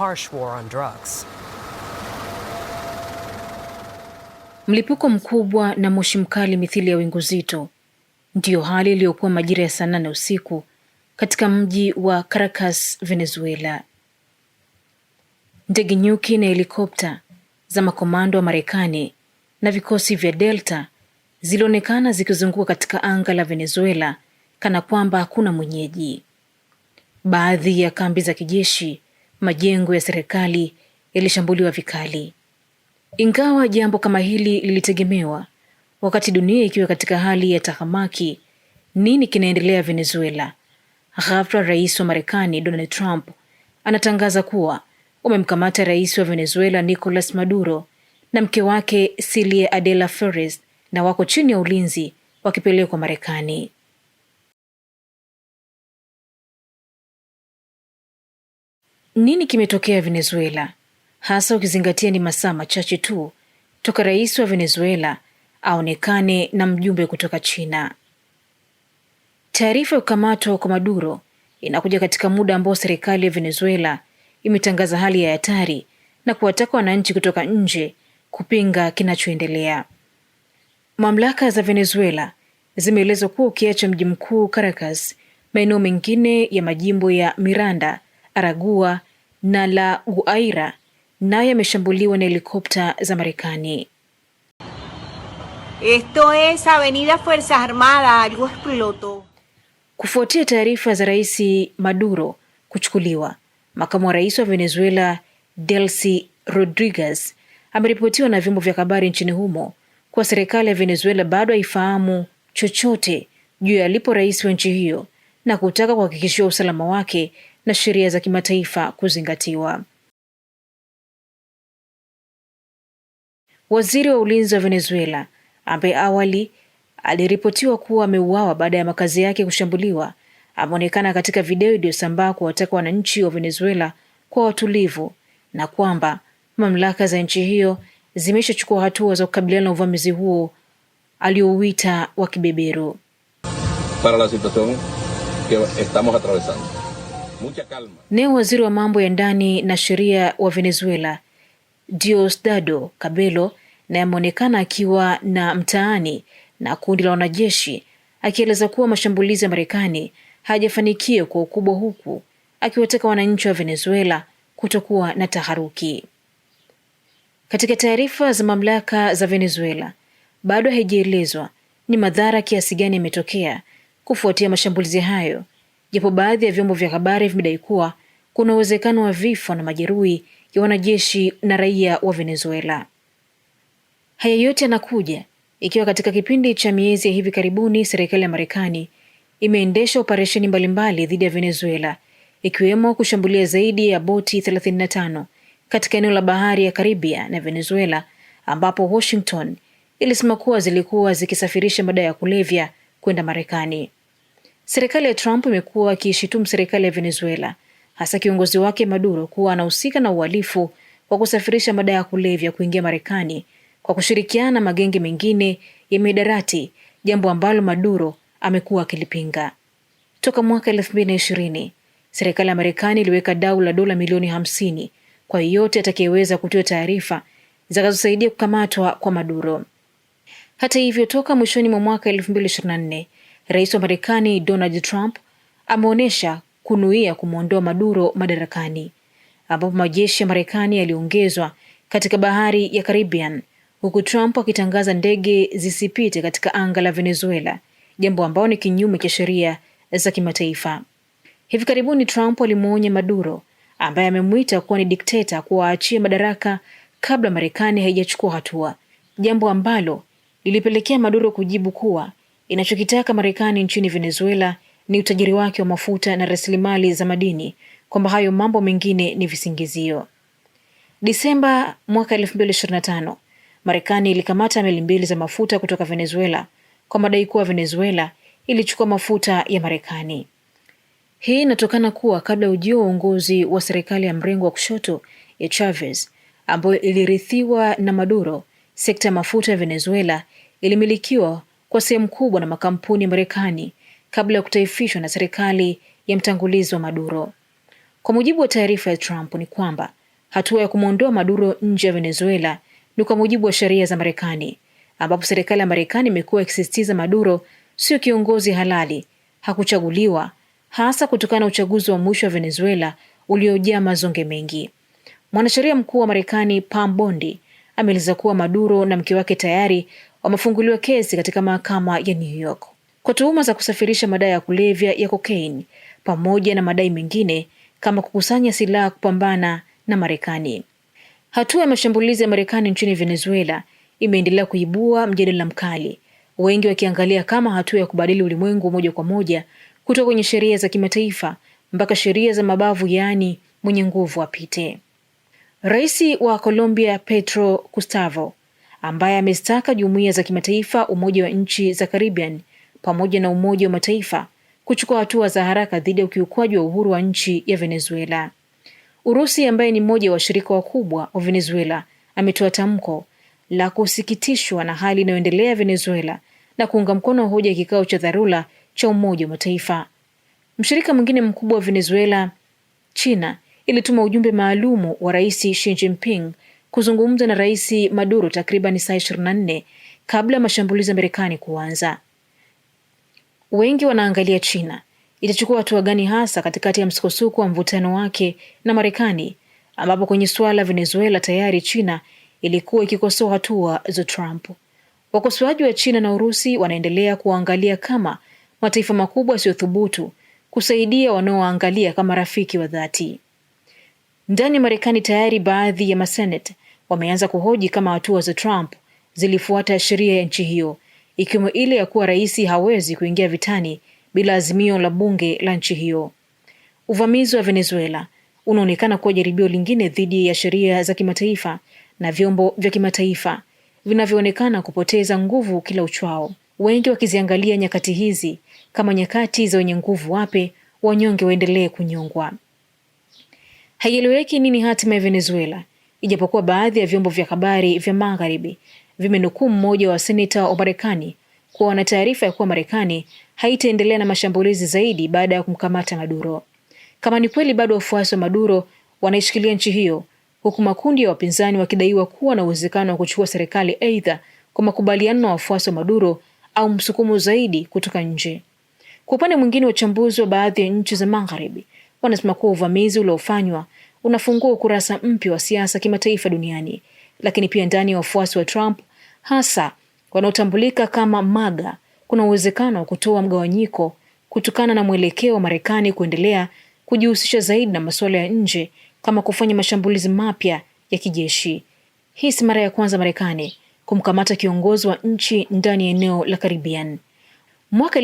harsh war on drugs. Mlipuko mkubwa na moshi mkali mithili ya wingu zito ndiyo hali iliyokuwa majira ya saa nane usiku katika mji wa Caracas, Venezuela. Ndege nyuki na helikopta za makomando wa Marekani na vikosi vya Delta zilionekana zikizunguka katika anga la Venezuela kana kwamba hakuna mwenyeji. Baadhi ya kambi za kijeshi majengo ya serikali yalishambuliwa vikali. Ingawa jambo kama hili lilitegemewa, wakati dunia ikiwa katika hali ya tahamaki, nini kinaendelea Venezuela? Ghafla rais wa Marekani Donald Trump anatangaza kuwa wamemkamata rais wa Venezuela Nicolas Maduro na mke wake Silia Adela Flores na wako chini ya ulinzi wakipelekwa Marekani. Nini kimetokea Venezuela, hasa ukizingatia ni masaa machache tu toka rais wa Venezuela aonekane na mjumbe kutoka China? Taarifa ya kukamatwa kwa Maduro inakuja katika muda ambao serikali ya Venezuela imetangaza hali ya hatari na kuwataka wananchi kutoka nje kupinga kinachoendelea. Mamlaka za Venezuela zimeelezwa kuwa ukiacha mji mkuu Caracas, maeneo mengine ya majimbo ya Miranda, Aragua na la Guaira nayo yameshambuliwa na helikopta za Marekani. Esto es Avenida Fuerzas Armadas, algo explotó. Kufuatia taarifa za Rais Maduro kuchukuliwa, makamu wa rais wa Venezuela Delcy Rodriguez ameripotiwa na vyombo vya habari nchini humo kuwa serikali ya Venezuela bado haifahamu chochote juu ya alipo rais wa nchi hiyo na kutaka kuhakikishiwa usalama wake na sheria za kimataifa kuzingatiwa. Waziri wa ulinzi wa Venezuela ambaye awali aliripotiwa kuwa ameuawa baada ya makazi yake kushambuliwa ameonekana katika video iliyosambaa kuwataka wananchi wa Venezuela kwa watulivu na kwamba mamlaka za nchi hiyo zimeshachukua hatua za kukabiliana na uvamizi huo aliouita wa kibeberu. Naye waziri wa mambo ya ndani na sheria wa Venezuela Diosdado Cabello naye ameonekana akiwa na mtaani na kundi la wanajeshi akieleza kuwa mashambulizi ya Marekani hayajafanikiwa kwa ukubwa, huku akiwataka wananchi wa Venezuela kutokuwa na taharuki. Katika taarifa za mamlaka za Venezuela, bado haijaelezwa ni madhara kiasi gani yametokea kufuatia mashambulizi hayo japo baadhi ya vyombo vya habari vimedai kuwa kuna uwezekano wa vifo na majeruhi ya wanajeshi na raia wa Venezuela. Haya yote yanakuja ikiwa katika kipindi cha miezi ya hivi karibuni serikali ya Marekani imeendesha operesheni mbalimbali dhidi ya Venezuela, ikiwemo kushambulia zaidi ya boti 35 katika eneo la bahari ya Karibia na Venezuela, ambapo Washington ilisema kuwa zilikuwa zikisafirisha madawa ya kulevya kwenda Marekani. Serikali ya Trump imekuwa akiishitumu serikali ya Venezuela, hasa kiongozi wake Maduro, kuwa anahusika na uhalifu kwa kusafirisha madawa ya kulevya kuingia Marekani kwa kushirikiana na magenge mengine ya mihadarati, jambo ambalo Maduro amekuwa akilipinga toka mwaka ishirini. Serikali ya Marekani iliweka dau la dola milioni 50 kwa yeyote atakayeweza kutoa taarifa zitakazosaidia kukamatwa kwa Maduro. Hata hivyo, toka mwishoni mwa mwaka nne Rais wa Marekani Donald Trump ameonyesha kunuia kumwondoa Maduro madarakani, ambapo majeshi ya Marekani yaliongezwa katika bahari ya Caribbean, huku Trump akitangaza ndege zisipite katika anga la Venezuela, jambo ambalo ni kinyume cha sheria za kimataifa. Hivi karibuni Trump alimwonya Maduro ambaye amemwita kuwa ni dikteta kuwaachia madaraka kabla Marekani haijachukua hatua, jambo ambalo lilipelekea Maduro kujibu kuwa inachokitaka Marekani nchini Venezuela ni utajiri wake wa mafuta na rasilimali za madini, kwamba hayo mambo mengine ni visingizio. Disemba mwaka 2025 Marekani ilikamata meli mbili za mafuta kutoka Venezuela kwa madai kuwa Venezuela ilichukua mafuta ya Marekani. Hii inatokana kuwa kabla ya ujio wa uongozi wa serikali ya mrengo wa kushoto ya Chavez ambayo ilirithiwa na Maduro, sekta ya mafuta ya Venezuela ilimilikiwa kwa sehemu kubwa na makampuni ya Marekani kabla ya kutaifishwa na serikali ya mtangulizi wa Maduro. Kwa mujibu wa taarifa ya Trump ni kwamba hatua ya kumwondoa Maduro nje ya Venezuela ni kwa mujibu wa sheria za Marekani, ambapo serikali ya Marekani imekuwa ikisisitiza Maduro sio kiongozi halali, hakuchaguliwa, hasa kutokana na uchaguzi wa mwisho wa Venezuela uliojaa mazonge mengi. Mwanasheria mkuu wa Marekani Pam Bondi ameeleza kuwa Maduro na mke wake tayari wamefunguliwa kesi katika mahakama ya New York kwa tuhuma za kusafirisha madawa ya kulevya ya kokaini pamoja na madai mengine kama kukusanya silaha kupambana na Marekani. Hatua ya mashambulizi ya Marekani nchini Venezuela imeendelea kuibua mjadala mkali, wengi wakiangalia kama hatua ya kubadili ulimwengu moja kwa moja kutoka kwenye sheria za kimataifa mpaka sheria za mabavu, yaani mwenye nguvu apite. Rais wa Colombia Petro Gustavo ambaye amezitaka jumuiya za kimataifa, Umoja wa Nchi za Caribbean pamoja na Umoja wa Mataifa kuchukua hatua za haraka dhidi ya ukiukwaji wa uhuru wa nchi ya Venezuela. Urusi ambaye ni mmoja wa washirika wakubwa wa Venezuela ametoa tamko la kusikitishwa na hali inayoendelea Venezuela na kuunga mkono hoja ya kikao cha dharura cha Umoja wa Mataifa. Mshirika mwingine mkubwa wa Venezuela, China, ilituma ujumbe maalumu wa Rais Xi Jinping kuzungumza na Rais Maduro takriban saa 24 kabla ya mashambulizi ya Marekani kuanza. Wengi wanaangalia China itachukua hatua gani hasa katikati ya msukosuko wa mvutano wake na Marekani, ambapo kwenye suala Venezuela tayari China ilikuwa ikikosoa hatua za Trump. Wakosoaji wa China na Urusi wanaendelea kuangalia kama mataifa makubwa yasiyothubutu kusaidia wanaoangalia kama rafiki wa dhati. Ndani ya Marekani tayari baadhi ya maseneta wameanza kuhoji kama hatua za Trump zilifuata sheria ya nchi hiyo ikiwemo ile ya kuwa rais hawezi kuingia vitani bila azimio la bunge la nchi hiyo. Uvamizi wa Venezuela unaonekana kuwa jaribio lingine dhidi ya sheria za kimataifa na vyombo vya kimataifa vinavyoonekana kupoteza nguvu kila uchwao, wengi wakiziangalia nyakati hizi kama nyakati za wenye nguvu wape wanyonge waendelee kunyongwa. Haieleweki nini hatima ya Venezuela ijapokuwa baadhi ya vyombo vya habari vya magharibi vimenukuu mmoja wa seneta wa Marekani kuwa wana taarifa ya kuwa Marekani haitaendelea na mashambulizi zaidi baada ya kumkamata Maduro. Kama ni kweli, bado wafuasi wa Maduro wanaishikilia nchi hiyo, huku makundi ya wapinzani wakidaiwa kuwa na uwezekano wa kuchukua serikali aidha kwa makubaliano na wafuasi wa Maduro au msukumo zaidi kutoka nje. Kwa upande mwingine, wachambuzi wa baadhi ya nchi za magharibi wanasema kuwa uvamizi uliofanywa unafungua ukurasa mpya wa siasa kimataifa duniani, lakini pia ndani ya wafuasi wa Trump, hasa wanaotambulika kama MAGA, kuna uwezekano wa kutoa mgawanyiko kutokana na mwelekeo wa Marekani kuendelea kujihusisha zaidi na masuala ya nje kama kufanya mashambulizi mapya ya kijeshi. Hii si mara ya kwanza Marekani kumkamata kiongozi wa nchi ndani ya eneo la Caribbean. Mwaka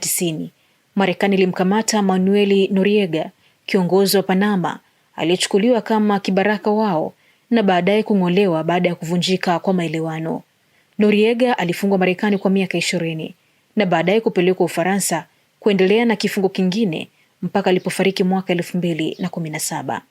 tisini Marekani ilimkamata Manueli Noriega, kiongozi wa Panama aliyechukuliwa kama kibaraka wao na baadaye kung'olewa baada ya kuvunjika kwa maelewano. Noriega alifungwa Marekani kwa miaka ishirini na baadaye kupelekwa Ufaransa kuendelea na kifungo kingine mpaka alipofariki mwaka elfu mbili na kumi na saba.